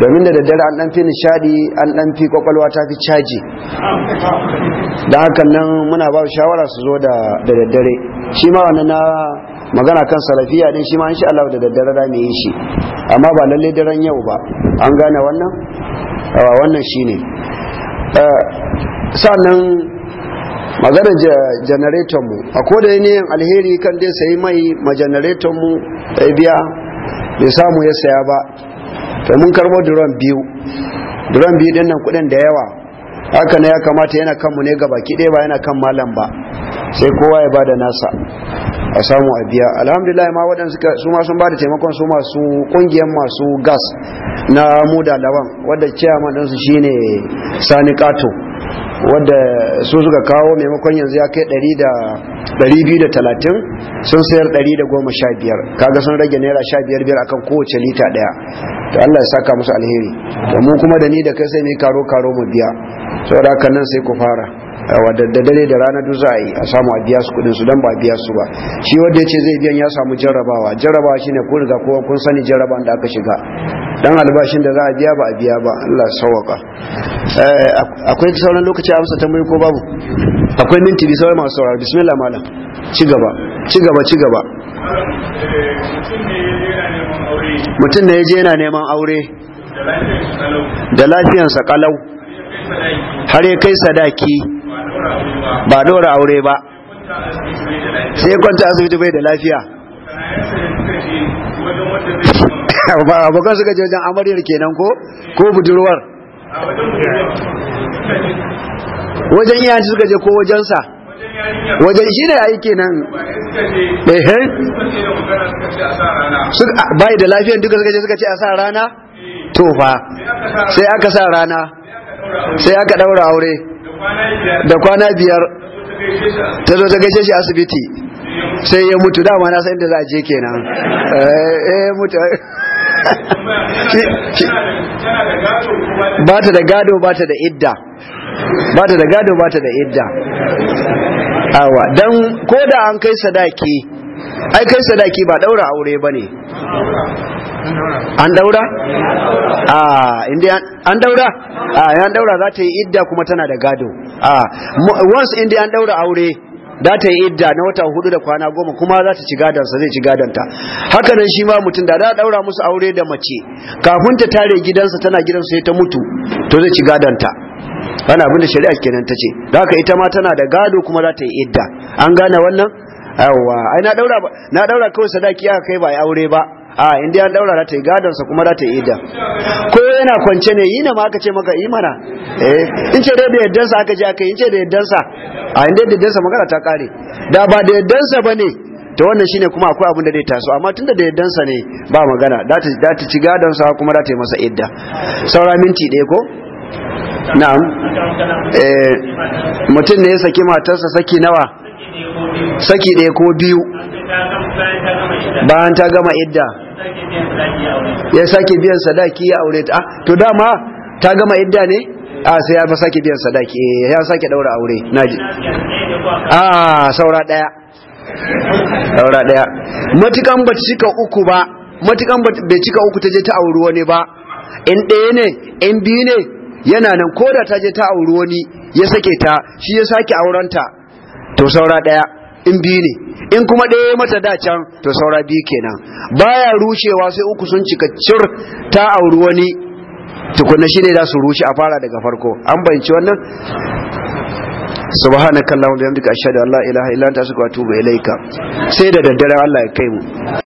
domin da daddare an ɗanfi nishadi an ɗanfi kwakwalwa ta fi caji da hakan nan muna ba shawara su zo da daddare shi ma wannan na magana kan salafiya din shi ma shi Allah da daddare da yi shi amma ba lalle daren yau ba an gane wannan wannan shine eh, sannan maganar janareton mu a koda ne alheri kan dai sayi mai ma janareton mu biya bai samu ya saya ba to mun karbo duron biyu duron biyu din nan kudin da yawa haka ne ya kamata yana kanmu ne ga baki ɗaya ba yana kan malam ba sai kowa ya bada nasa a samu a biya alhamdulillah ma waɗanda su ma sun bada taimakon su masu ƙungiyar masu gas na muda lawan wadda ciyaman ɗinsu shine sani kato wadda su suka kawo maimakon yanzu ya kai 230 sun sayar 115 kaga sun rage naira 15 biyar akan kowace lita daya to Allah ya saka musu alheri to mu kuma da ni da kai sai mu karo karo mu biya saboda haka nan sai ku fara wadda da dare da rana duk za a yi a samu a biya su kudin su don ba a biya su ba shi wanda ya ce zai biyan ya samu jarrabawa jarrabawa shine kun riga kowa kun sani jarraba da aka shiga dan albashin da za a biya ba a biya ba Allah sauwaka eh, akwai sauran lokaci a amsa tambayi ko babu akwai minti bi sauran masu saurari bismillah malam ci gaba ci gaba ci gaba mutum ne ya je yana neman aure da lafiyansa kalau har ya kai sadaki ba dora aure ba sai kwanta asibiti bai da lafiya abokan suka je wajen amaryar kenan ko ko budurwar wajen iyayensu suka je ko wajensa wajen shi ne aiki kenan ehe bai da lafiyan duka suka je suka ce a sa rana tofa sai aka sa rana sai aka daura aure da kwana biyar ta zo ta gaishe shi asibiti sai ya mutu dama na san da za a je kenan eh, eh mutu ba ta da gado ba ta da idda ba ta da gado ba ta da idda awa don ko da an kai sadaki ai kai sadaki ba daura aure ba ne an daura? a inda an daura? a yan daura za ta yi idda kuma tana da gado a once inda an daura aure za ta yi idda na wata hudu da kwana goma kuma za ta ci gadonsa zai ci gadonta haka nan shi ma mutum da za a daura musu aure da mace kafin ta tare gidansa tana gidansa sai ta mutu to zai ci gadonta wani abin da shari'a kenan ta ce da haka ita ma tana da gado kuma za ta yi idda an gane wannan yawa ai na daura na daura kawai sadaki aka kai ba ya aure ba a inda ya daura za ta yi gadonsa sa kuma za ta yi idan ko yana kwance ne yi na ma aka ce maka yi mana eh in ce da yaddan sa aka je aka yi in ce da yaddan sa a inda da yaddan sa magana ta kare da ba da yaddan sa bane to wannan shine kuma akwai abin da zai taso amma tunda da yaddan sa ne ba magana za ta ta ci gadon sa kuma za ta yi masa idda saura minti ɗaya ko na'am eh mutum ne ya saki matarsa saki nawa saki ɗaya ko biyu bayan ta gama idda ya sake biyan sadaki ya aure ta ah, to dama ta gama idda ne a ah, sai ya sake biyan sadaki eh, ya sake daura aure naji a ah, saura ɗaya saura ɗaya matukan ba cika uku ba matukan bai cika uku ta je ta auri wani ba in ɗaya ne in biyu ne yana nan ko da ta je ta auri wani ya sake ta shi ya sake aurenta to saura ɗaya in bi ne in kuma ɗaya mata da can to saura bi kenan baya rushewa sai uku sun cika cir ta auri wani tukunna shine da su rushe a fara daga farko an bayanci wannan wa bihamdika ashhadu an la ilaha illa anta astaghfiruka wa atubu ilaika sai da daddare Allah ya kai mu